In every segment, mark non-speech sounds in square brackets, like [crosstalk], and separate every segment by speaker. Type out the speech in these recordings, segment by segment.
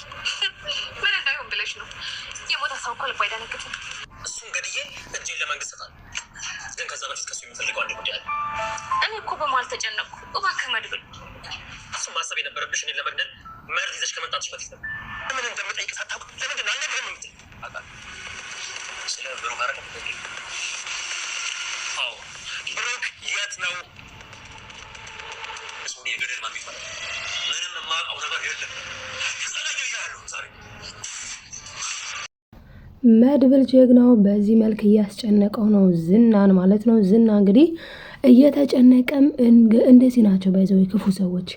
Speaker 1: ነበር። ምን እንዳይሆን ብለሽ ነው? የሞተ ሰው እኮ ልቡ አይደነግጥም።
Speaker 2: እሱን ገድዬ እጄን ለመንግስት ሰጣል። ግን ከዛ በፊት ከሱ የሚፈልገው አንድ ጉዳይ አለ።
Speaker 1: እኔ እኮ በመሀል ተጨነቅኩ። እባክህ መድብል፣
Speaker 2: እሱን ማሰብ የነበረብሽ እኔን ለመግደል መርዝ ይዘሽ ከመምጣትሽ በፊት ነው። ምን እንደምጠይቅ ሳታውቅ ለምንድን ነው አልነግርህም የምትል? ስለ ብሩክ አረቀ ብሩክ የት ነው
Speaker 3: መድብል ጀግናው በዚህ መልክ እያስጨነቀው ነው ዝናን ማለት ነው። ዝና እንግዲህ እየተጨነቀም እንደዚህ ናቸው ባይዘው የክፉ ሰዎች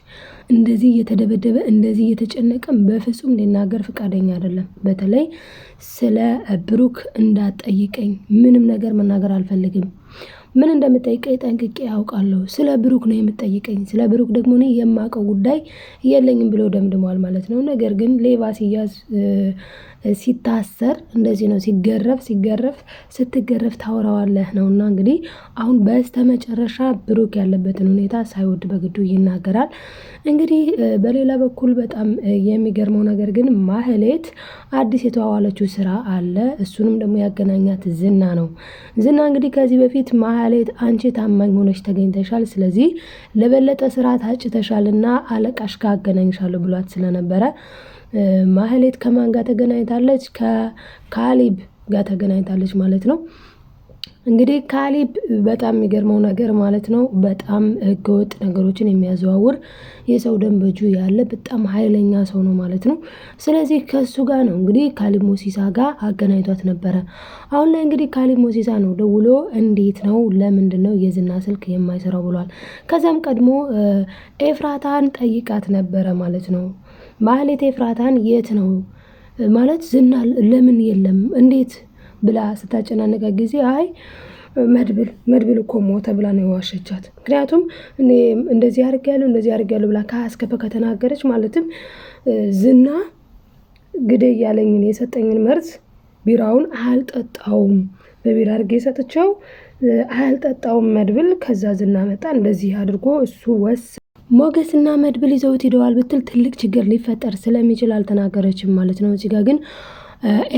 Speaker 3: እንደዚህ እየተደበደበ እንደዚህ እየተጨነቀም በፍጹም ሊናገር ፈቃደኛ አይደለም። በተለይ ስለ ብሩክ እንዳትጠይቀኝ ምንም ነገር መናገር አልፈልግም። ምን እንደምጠይቀኝ ጠንቅቄ ያውቃለሁ። ስለ ብሩክ ነው የምጠይቀኝ። ስለ ብሩክ ደግሞ እኔ የማውቀው ጉዳይ የለኝም ብሎ ደምድሟል ማለት ነው። ነገር ግን ሌባ ሲያዝ ሲታሰር እንደዚህ ነው። ሲገረፍ ሲገረፍ ስትገረፍ ታወራዋለህ ነው እና እንግዲህ አሁን በስተመጨረሻ ብሩክ ያለበትን ሁኔታ ሳይወድ በግዱ ይናገራል። እንግዲህ በሌላ በኩል በጣም የሚገርመው ነገር ግን ማህሌት አዲስ የተዋዋለችው ስራ አለ። እሱንም ደግሞ ያገናኛት ዝና ነው። ዝና እንግዲህ ከዚህ በፊት ማህሌት አንቺ ታማኝ ሆነች ተገኝተሻል፣ ስለዚህ ለበለጠ ስራ ታጭተሻልና አለቃሽ ጋር አገናኝሻለሁ ብሏት ስለነበረ ማህሌት ከማን ጋር ተገናኝታለች? ከካሊብ ጋር ተገናኝታለች ማለት ነው። እንግዲህ ካሊብ በጣም የሚገርመው ነገር ማለት ነው በጣም ህገወጥ ነገሮችን የሚያዘዋውር የሰው ደም በእጁ ያለ በጣም ኃይለኛ ሰው ነው ማለት ነው። ስለዚህ ከሱ ጋር ነው እንግዲህ ካሊብ ሞሲሳ ጋር አገናኝቷት ነበረ። አሁን ላይ እንግዲህ ካሊብ ሞሲሳ ነው ደውሎ እንዴት ነው ለምንድን ነው የዝና ስልክ የማይሰራው ብሏል። ከዛም ቀድሞ ኤፍራታን ጠይቃት ነበረ ማለት ነው ማህሌት ኤፍራታን የት ነው ማለት ዝና ለምን የለም እንዴት ብላ ስታጨናነቃ ጊዜ አይ መድብል መድብል እኮ ሞተ ብላ ነው የዋሸቻት። ምክንያቱም እኔ እንደዚህ አድርጌያለሁ እንደዚህ አድርጌያለሁ ብላ ከአስከፈ ከተናገረች ማለትም ዝና ግደይ ያለኝን የሰጠኝን መርዝ ቢራውን አልጠጣውም በቢራ አድርጌ ሰጥቼው አልጠጣውም መድብል ከዛ ዝና መጣ እንደዚህ አድርጎ እሱ ወስ ሞገስና መድብል ይዘውት ሂደዋል ብትል ትልቅ ችግር ሊፈጠር ስለሚችል አልተናገረችም ማለት ነው። እዚጋ ጋ ግን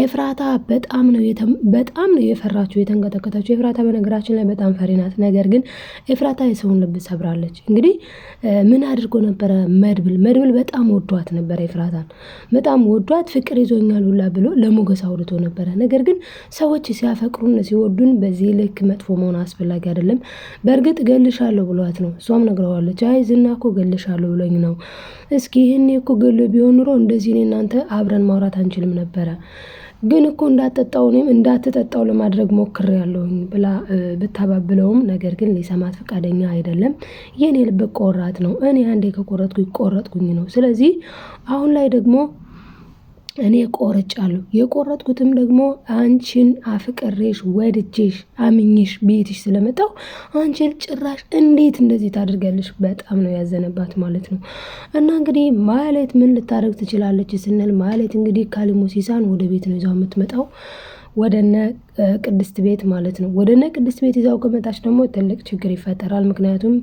Speaker 3: ኤፍራታ በጣም ነው በጣም ነው የፈራችሁ የተንቀጠቀጠችው። ኤፍራታ በነገራችን ላይ በጣም ፈሪ ናት። ነገር ግን ኤፍራታ የሰውን ልብ ሰብራለች። እንግዲህ ምን አድርጎ ነበረ መድብል መድብል በጣም ወዷት ነበረ። ኤፍራታን በጣም ወዷት ፍቅር ይዞኛል ሁላ ብሎ ለሞገስ አውልቶ ነበረ። ነገር ግን ሰዎች ሲያፈቅሩን ሲወዱን በዚህ ልክ መጥፎ መሆን አስፈላጊ አይደለም። በእርግጥ ገልሻለሁ ብሏት ነው እሷም ነግረዋለች። አይ ዝና እኮ ገልሻለሁ ብሎኝ ነው። እስኪ ይህን እኮ ገሎ ቢሆን ኑሮ እንደዚህ እኔ እናንተ አብረን ማውራት አንችልም ነበረ ግን እኮ እንዳትጠጣው እኔም እንዳትጠጣው ለማድረግ ሞክር ያለውኝ ብላ ብታባብለውም፣ ነገር ግን ሊሰማት ፈቃደኛ አይደለም። የኔ ልብ ቆራጥ ነው። እኔ አንዴ ከቆረጥኩኝ ቆረጥኩኝ ነው። ስለዚህ አሁን ላይ ደግሞ እኔ ቆርጫለሁ። የቆረጥኩትም ደግሞ አንቺን አፍቅሬሽ ወድጄሽ አምኜሽ ቤትሽ ስለመጣው አንቺን ጭራሽ እንዴት እንደዚህ ታደርጋለሽ? በጣም ነው ያዘነባት ማለት ነው። እና እንግዲህ ማለት ምን ልታደርግ ትችላለች ስንል ማለት እንግዲህ ሲሳን ወደ ቤት ነው ይዛው የምትመጣው ወደነ ቅድስት ቤት ማለት ነው። ወደነ ቅድስት ቤት ይዛው ከመጣች ደግሞ ትልቅ ችግር ይፈጠራል። ምክንያቱም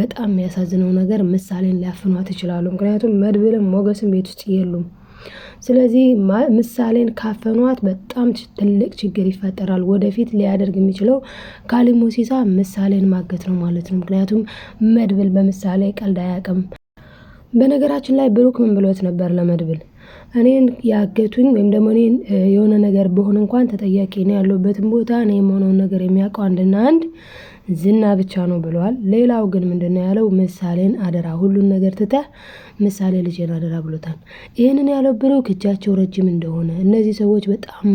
Speaker 3: በጣም የሚያሳዝነው ነገር ምሳሌን ሊያፍኗት ይችላሉ። ምክንያቱም መድብልም ሞገስም ቤት ውስጥ የሉም። ስለዚህ ምሳሌን ካፈኗት በጣም ትልቅ ችግር ይፈጠራል። ወደፊት ሊያደርግ የሚችለው ካሊብ ሙሲሳ ምሳሌን ማገት ነው ማለት ነው። ምክንያቱም መድብል በምሳሌ ቀልድ አያውቅም። በነገራችን ላይ ብሩክ ምን ብሎት ነበር ለመድብል እኔን ያገቱኝ ወይም ደግሞ እኔን የሆነ ነገር በሆን እንኳን ተጠያቂ ነው ያለሁበትን ቦታ እኔ የመሆነውን ነገር የሚያውቀው አንድና አንድ ዝና ብቻ ነው ብለዋል። ሌላው ግን ምንድነው ያለው? ምሳሌን አደራ፣ ሁሉን ነገር ትተህ ምሳሌ ልጄን አደራ ብሎታል። ይህንን ያለው ብሩክ እጃቸው ረጅም እንደሆነ እነዚህ ሰዎች በጣም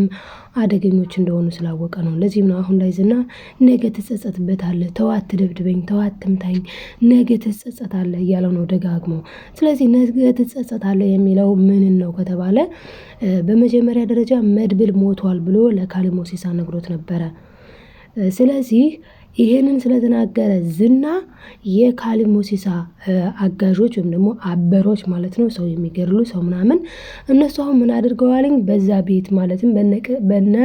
Speaker 3: አደገኞች እንደሆኑ ስላወቀ ነው። ለዚህም ነው አሁን ላይ ዝና ነገ ትጸጸትበታለህ፣ ተዋት፣ ትደብድበኝ፣ ተዋት፣ ትምታኝ፣ ነገ ትጸጸታለህ እያለ ነው ደጋግሞ። ስለዚህ ነገ ትጸጸታለህ የሚለው ምንን ነው ከተባለ በመጀመሪያ ደረጃ መድብል ሞቷል ብሎ ለካሊሞሲሳ ነግሮት ነበረ። ስለዚህ ይሄንን ስለተናገረ ዝና የካሊብ ሙሲሳ አጋዦች ወይም ደግሞ አበሮች ማለት ነው፣ ሰው የሚገድሉ ሰው ምናምን እነሱ አሁን ምን አድርገዋልኝ በዛ ቤት ማለትም በነ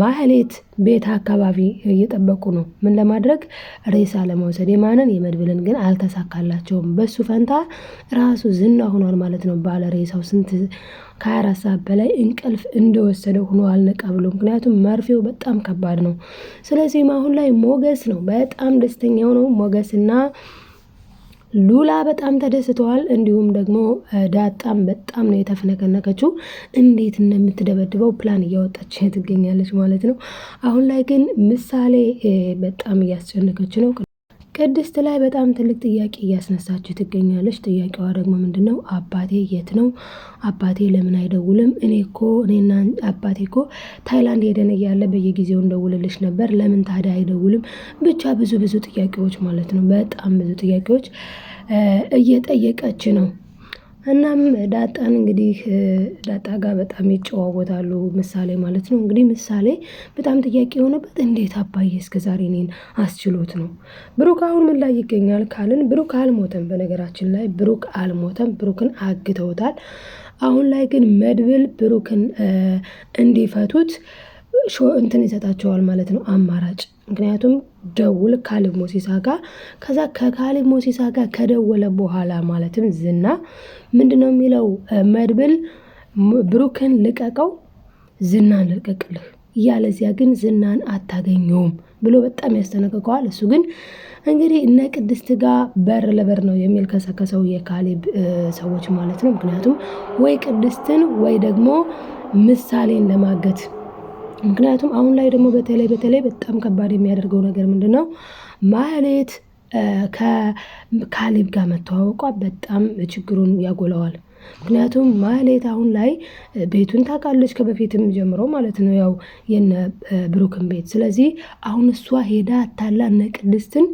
Speaker 3: ማህሌት ቤት አካባቢ እየጠበቁ ነው። ምን ለማድረግ ሬሳ ለመውሰድ የማንን የመድብልን ግን አልተሳካላቸውም። በሱ ፈንታ ራሱ ዝና ሆኗል ማለት ነው። ባለ ሬሳው ስንት ከ ሰዓት በላይ እንቅልፍ እንደወሰደ ሆኖ አልነቃ ብሎ፣ ምክንያቱም መርፌው በጣም ከባድ ነው። ስለዚህም አሁን ላይ ሞገስ ነው በጣም ደስተኛው ነው ሞገስና ሉላ በጣም ተደስተዋል። እንዲሁም ደግሞ ዳጣም በጣም ነው የተፍነከነከችው። እንዴት እንደምትደበድበው ፕላን እያወጣች ትገኛለች ማለት ነው። አሁን ላይ ግን ምሳሌ በጣም እያስጨነቀች ነው። ቅድስት ላይ በጣም ትልቅ ጥያቄ እያስነሳችሁ ትገኛለች። ጥያቄዋ ደግሞ ምንድን ነው? አባቴ የት ነው? አባቴ ለምን አይደውልም? እኔ እኮ እኔና አባቴ እኮ ታይላንድ ሄደን እያለ በየጊዜው እንደውልልሽ ነበር። ለምን ታዲያ አይደውልም? ብቻ ብዙ ብዙ ጥያቄዎች ማለት ነው። በጣም ብዙ ጥያቄዎች እየጠየቀች ነው እናም ዳጣን እንግዲህ ዳጣ ጋር በጣም ይጨዋወታሉ ምሳሌ ማለት ነው። እንግዲህ ምሳሌ በጣም ጥያቄ የሆነበት እንዴት አባዬ እስከ ዛሬ እኔን አስችሎት ነው። ብሩክ አሁን ምን ላይ ይገኛል ካልን ብሩክ አልሞተም። በነገራችን ላይ ብሩክ አልሞተም። ብሩክን አግተውታል። አሁን ላይ ግን መድብል ብሩክን እንዲፈቱት እንትን ይሰጣቸዋል ማለት ነው አማራጭ። ምክንያቱም ደውል ካሊብ ሞሲሳ ጋር ከዛ ከካሊብ ሞሲሳ ጋር ከደወለ በኋላ ማለትም ዝና ምንድን ነው የሚለው መድብል ብሩክን ልቀቀው፣ ዝናን ልቀቅልህ እያለዚያ ግን ዝናን አታገኘውም ብሎ በጣም ያስጠነቅቀዋል። እሱ ግን እንግዲህ እነ ቅድስት ጋር በር ለበር ነው የሚል ከሰከሰው የካሊብ ሰዎች ማለት ነው። ምክንያቱም ወይ ቅድስትን ወይ ደግሞ ምሳሌን ለማገት ምክንያቱም አሁን ላይ ደግሞ በተለይ በተለይ በጣም ከባድ የሚያደርገው ነገር ምንድን ነው ማህሌት ከካሊብ ጋር መተዋወቋ በጣም ችግሩን ያጎለዋል። ምክንያቱም ማህሌት አሁን ላይ ቤቱን ታውቃለች ከበፊትም ጀምሮ ማለት ነው ያው የነ ብሩክን ቤት። ስለዚህ አሁን እሷ ሄዳ አታላ እነ ቅድስትን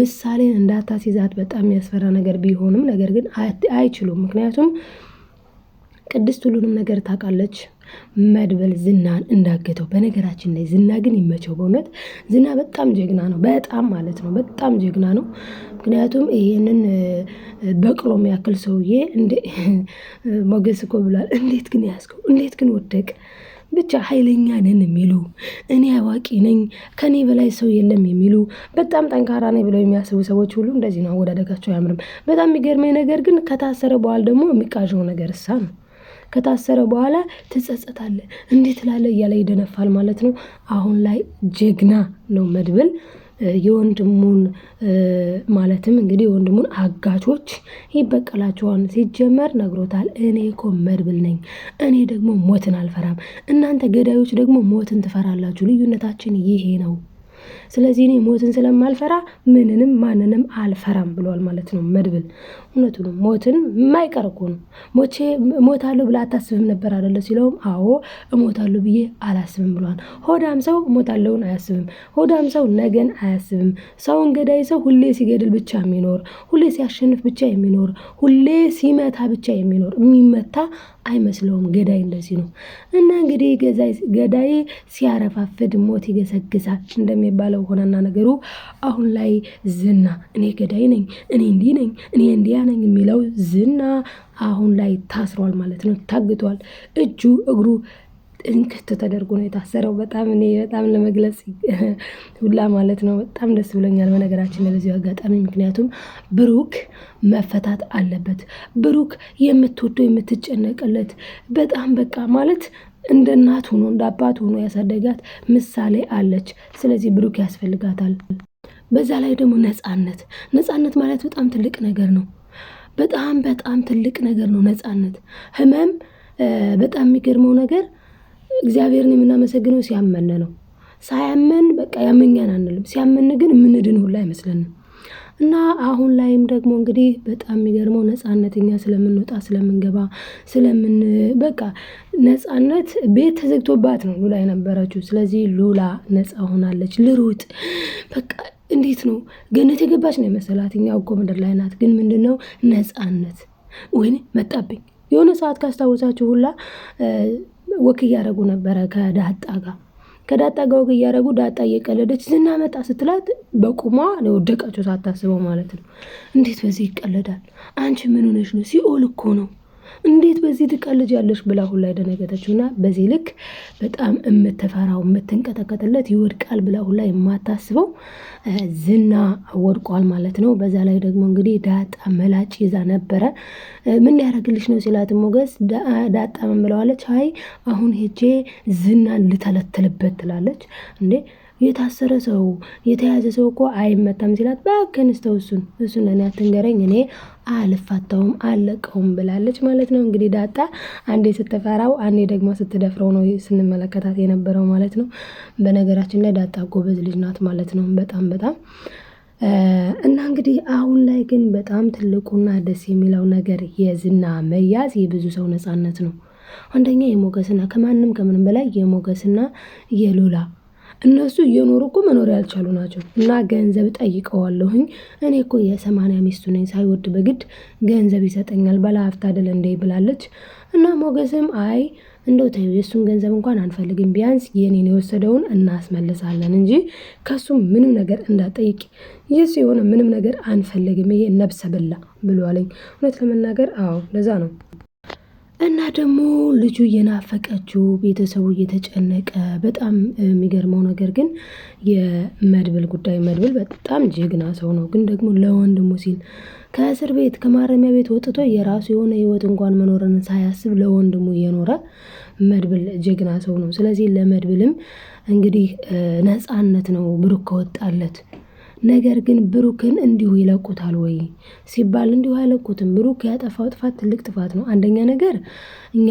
Speaker 3: ምሳሌን እንዳታስይዛት በጣም የሚያስፈራ ነገር ቢሆንም ነገር ግን አይችሉም። ምክንያቱም ቅድስት ሁሉንም ነገር ታውቃለች። መድበል ዝናን እንዳገተው። በነገራችን ላይ ዝና ግን ይመቸው። በእውነት ዝና በጣም ጀግና ነው። በጣም ማለት ነው፣ በጣም ጀግና ነው። ምክንያቱም ይሄንን በቅሎ ያክል ሰውዬ [laughs] ሞገስ እኮ ብሏል። እንዴት ግን ያዝከው? እንዴት ግን ወደቅ? ብቻ ኃይለኛ ነን የሚሉ እኔ አዋቂ ነኝ ከኔ በላይ ሰው የለም የሚሉ በጣም ጠንካራ ነኝ ብለው የሚያስቡ ሰዎች ሁሉ እንደዚህ ነው። አወዳደጋቸው አያምርም። በጣም የሚገርመኝ ነገር ግን ከታሰረ በኋላ ደግሞ የሚቃዥው ነገር እሳ ነው። ከታሰረ በኋላ ትጸጸታለህ እንዴት ላለ እያለ ይደነፋል ማለት ነው። አሁን ላይ ጀግና ነው መድብል የወንድሙን ማለትም እንግዲህ የወንድሙን አጋቾች ይበቀላቸዋል። ሲጀመር ነግሮታል። እኔ እኮ መድብል ነኝ። እኔ ደግሞ ሞትን አልፈራም። እናንተ ገዳዮች ደግሞ ሞትን ትፈራላችሁ። ልዩነታችን ይሄ ነው። ስለዚህ እኔ ሞትን ስለማልፈራ ምንንም ማንንም አልፈራም ብለዋል ማለት ነው መድብል። እውነቱ ነው። ሞትን የማይቀር እኮ ነው። ሞቼ እሞታለሁ ብለህ አታስብም ነበር አደለ? ሲለውም አዎ እሞታለሁ ብዬ አላስብም ብለዋል። ሆዳም ሰው እሞታለሁን አያስብም። ሆዳም ሰው ነገን አያስብም። ሰውን ገዳይ ሰው ሁሌ ሲገድል ብቻ የሚኖር ሁሌ ሲያሸንፍ ብቻ የሚኖር ሁሌ ሲመታ ብቻ የሚኖር የሚመታ አይመስለውም። ገዳይ እንደዚህ ነው እና እንግዲህ ገዳይ ሲያረፋፍድ ሞት ይገሰግሳል እንደሚባለው ሆነና ነገሩ አሁን ላይ ዝና እኔ ገዳይ ነኝ፣ እኔ እንዲህ ነኝ፣ እኔ እንዲያ ነኝ የሚለው ዝና አሁን ላይ ታስሯል ማለት ነው። ታግቷል። እጁ እግሩ እንክት ተደርጎ ነው የታሰረው። በጣም እኔ በጣም ለመግለጽ ሁላ ማለት ነው በጣም ደስ ብሎኛል። በነገራችን ለዚህ አጋጣሚ ምክንያቱም ብሩክ መፈታት አለበት። ብሩክ የምትወደው የምትጨነቅለት በጣም በቃ ማለት እንደ እናት ሆኖ እንደ አባት ሆኖ ያሳደጋት ምሳሌ አለች። ስለዚህ ብሩክ ያስፈልጋታል። በዛ ላይ ደግሞ ነፃነት ነፃነት ማለት በጣም ትልቅ ነገር ነው። በጣም በጣም ትልቅ ነገር ነው ነፃነት ህመም። በጣም የሚገርመው ነገር እግዚአብሔርን የምናመሰግነው ሲያመነ ነው። ሳያመን በቃ ያመኛን አንልም። ሲያመን ግን የምንድን ሁላ አይመስለንም። እና አሁን ላይም ደግሞ እንግዲህ በጣም የሚገርመው ነፃነት እኛ ስለምንወጣ ስለምንገባ ስለምን በቃ ነፃነት ቤት ተዘግቶባት ነው ሉላ የነበረችው። ስለዚህ ሉላ ነፃ ሆናለች። ልሩጥ በቃ እንዴት ነው ገነት የገባች ነው የመሰላት። እኛ እኮ ምድር ላይ ናት። ግን ምንድን ነው ነፃነት ወይኔ መጣብኝ የሆነ ሰዓት ካስታወሳችሁ ሁላ ወክ እያደረጉ ነበረ ከዳጣ ጋር ከዳጣ ጋር ወግ እያደረጉ ዳጣ እየቀለደች ዝናመጣ ስትላት በቁሟ ለወደቃቸው ሳታስበው ማለት ነው። እንዴት በዚህ ይቀለዳል? አንቺ ምን ሆነሽ ነው? ሲኦል እኮ ነው እንዴት በዚህ ድቃ ልጅ ያለች ብላ ሁላ የደነገጠችውና በዚህ ልክ በጣም የምትፈራው የምትንቀጠቀጥለት ይወድቃል ብላ ሁላ የማታስበው ዝና ወድቋል ማለት ነው። በዛ ላይ ደግሞ እንግዲህ ዳጣ መላጭ ይዛ ነበረ። ምን ሊያደርግልሽ ነው ሲላት ሞገስ ዳጣ ምን ብለዋለች? አይ አሁን ሄጄ ዝናን ልተለትልበት ትላለች እንዴ የታሰረ ሰው የተያዘ ሰው እኮ አይመታም ሲላት፣ በክን ስተው እሱን እሱን ለእኔ አትንገረኝ እኔ አልፋታውም አለቀውም ብላለች ማለት ነው። እንግዲህ ዳጣ አንዴ ስትፈራው፣ አንዴ ደግሞ ስትደፍረው ነው ስንመለከታት የነበረው ማለት ነው። በነገራችን ላይ ዳጣ ጎበዝ ልጅ ናት ማለት ነው። በጣም በጣም እና እንግዲህ አሁን ላይ ግን በጣም ትልቁና ደስ የሚለው ነገር የዝና መያዝ የብዙ ሰው ነፃነት ነው። አንደኛ የሞገስና ከማንም ከምንም በላይ የሞገስና የሉላ እነሱ እየኖሩ እኮ መኖር ያልቻሉ ናቸው። እና ገንዘብ ጠይቀዋለሁኝ። እኔ እኮ የሰማንያ ሚስቱ ነኝ፣ ሳይወድ በግድ ገንዘብ ይሰጠኛል፣ ባለሀብት አይደል እንዴ ብላለች። እና ሞገስም አይ እንደው ተይው የእሱን ገንዘብ እንኳን አንፈልግም፣ ቢያንስ የኔን የወሰደውን እናስመልሳለን እንጂ ከሱ ምንም ነገር እንዳጠይቅ የሱ የሆነ ምንም ነገር አንፈልግም፣ ይሄ ነብሰ በላ ብሏለኝ። እውነት ለመናገር አዎ ለዛ ነው እና ደግሞ ልጁ እየናፈቀችው ቤተሰቡ እየተጨነቀ በጣም የሚገርመው ነገር ግን የመድብል ጉዳይ መድብል በጣም ጀግና ሰው ነው። ግን ደግሞ ለወንድሙ ሲል ከእስር ቤት ከማረሚያ ቤት ወጥቶ የራሱ የሆነ ህይወት እንኳን መኖርን ሳያስብ ለወንድሙ እየኖረ መድብል ጀግና ሰው ነው። ስለዚህ ለመድብልም እንግዲህ ነፃነት ነው ብሩክ ከወጣለት ነገር ግን ብሩክን እንዲሁ ይለቁታል ወይ ሲባል እንዲሁ አይለቁትም። ብሩክ ያጠፋው ጥፋት ትልቅ ጥፋት ነው። አንደኛ ነገር እኛ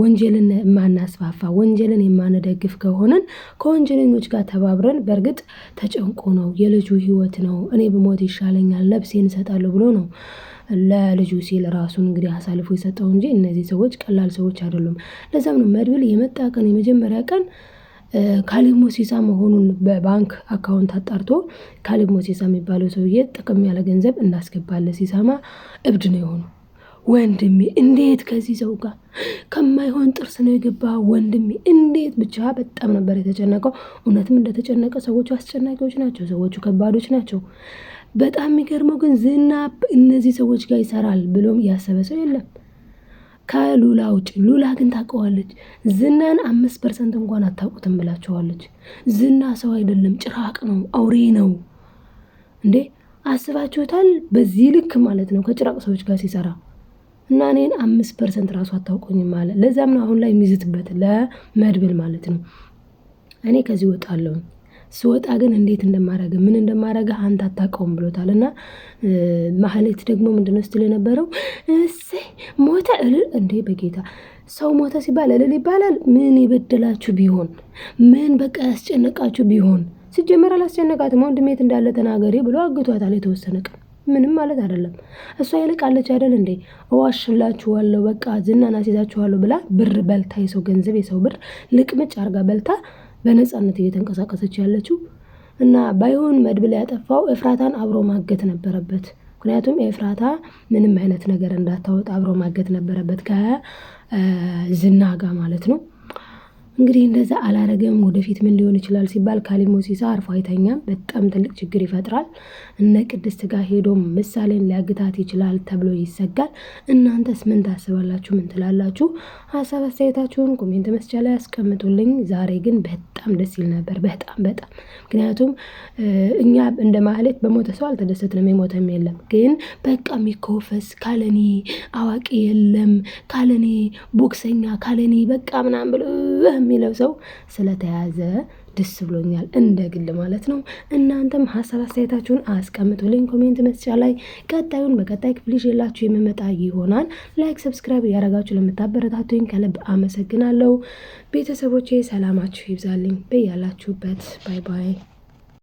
Speaker 3: ወንጀልን የማናስፋፋ ወንጀልን የማንደግፍ ከሆነን ከወንጀለኞች ጋር ተባብረን በእርግጥ ተጨንቆ ነው የልጁ ህይወት ነው እኔ ብሞት ይሻለኛል ነፍሴን እሰጣለሁ ብሎ ነው ለልጁ ሲል ራሱን እንግዲህ አሳልፎ የሰጠው እንጂ እነዚህ ሰዎች ቀላል ሰዎች አይደሉም። ለዛም ነው መድብል የመጣ ቀን የመጀመሪያ ቀን ካሌብ ሲሳ መሆኑን በባንክ አካውንት አጣርቶ ካሌብ ሲሳ የሚባለው ሰውዬ ጥቅም ያለ ገንዘብ እንዳስገባለ ሲሰማ እብድ ነው የሆነው። ወንድሜ እንዴት ከዚህ ሰው ጋር ከማይሆን ጥርስ ነው የገባ ወንድሜ እንዴት ብቻ በጣም ነበር የተጨነቀው። እውነትም እንደተጨነቀ ሰዎቹ አስጨናቂዎች ናቸው፣ ሰዎቹ ከባዶች ናቸው። በጣም የሚገርመው ግን ዝና እነዚህ ሰዎች ጋር ይሰራል ብሎም ያሰበ ሰው የለም። ከሉላ ውጭ። ሉላ ግን ታውቀዋለች። ዝናን አምስት ፐርሰንት እንኳን አታውቁትም ብላችኋለች። ዝና ሰው አይደለም፣ ጭራቅ ነው፣ አውሬ ነው። እንዴ አስባችሁታል? በዚህ ልክ ማለት ነው ከጭራቅ ሰዎች ጋር ሲሰራ እና እኔን አምስት ፐርሰንት ራሱ አታውቁኝም አለ። ለዛም ነው አሁን ላይ የሚዝትበት ለመድብል ማለት ነው። እኔ ከዚህ ወጣለሁ። ስወጣ ግን እንዴት እንደማረገ ምን እንደማረገ አንተ አታውቀውም ብሎታል። እና ማህሌት ደግሞ ምንድነው ስትል የነበረው እሴ ሞተ እልል እንዴ! በጌታ ሰው ሞተ ሲባል እልል ይባላል። ምን የበደላችሁ ቢሆን ምን በቃ ያስጨነቃችሁ ቢሆን ሲጀመር አላስጨነቃትም። ወንድሜ የት እንዳለ ተናገሬ ብሎ አግቷታል የተወሰነ ቀን ምንም ማለት አይደለም። እሷ ይልቃለች አይደል እንዴ እዋሽላችኋለሁ፣ በቃ ዝናና አስይዛችኋለሁ ብላ ብር በልታ የሰው ገንዘብ የሰው ብር ልቅምጭ አርጋ በልታ በነፃነት እየተንቀሳቀሰች ያለችው እና ባይሆን ላይ ያጠፋው ኤፍራታን አብሮ ማገት ነበረበት። ምክንያቱም ኤፍራታ ምንም አይነት ነገር እንዳታወጣ አብሮ ማገት ነበረበት ከዝና ጋር ማለት ነው። እንግዲህ እንደዛ አላረገም። ወደፊት ምን ሊሆን ይችላል ሲባል ካሊሞ ሲሳ አርፎ አይተኛም። በጣም ትልቅ ችግር ይፈጥራል። እነ ቅድስት ጋር ሄዶ ምሳሌን ሊያግታት ይችላል ተብሎ ይሰጋል። እናንተስ ምን ታስባላችሁ? ምን ትላላችሁ? ሀሳብ አስተያየታችሁን ኮሜንት መስጫ ላይ ያስቀምጡልኝ። ዛሬ ግን በጣም ደስ ይል ነበር፣ በጣም በጣም ምክንያቱም እኛ እንደ ማህሌት በሞተ ሰው አልተደሰትንም። የሞተም የለም ግን በቃ ሚኮፈስ ካለኔ አዋቂ የለም ካለኔ ቦክሰኛ ካለኔ በቃ ምናምን ብሎ የሚለው ሰው ስለተያዘ ደስ ብሎኛል፣ እንደ ግል ማለት ነው። እናንተም ሀሳብ አስተያየታችሁን አስቀምጡልኝ ኮሜንት መስጫ ላይ። ቀጣዩን በቀጣይ ክፍል ይዤላችሁ የምመጣ ይሆናል። ላይክ፣ ሰብስክራይብ እያደረጋችሁ ለምታበረታቱኝ ከልብ አመሰግናለሁ። ቤተሰቦቼ ሰላማችሁ ይብዛልኝ በያላችሁበት። ባይ ባይ።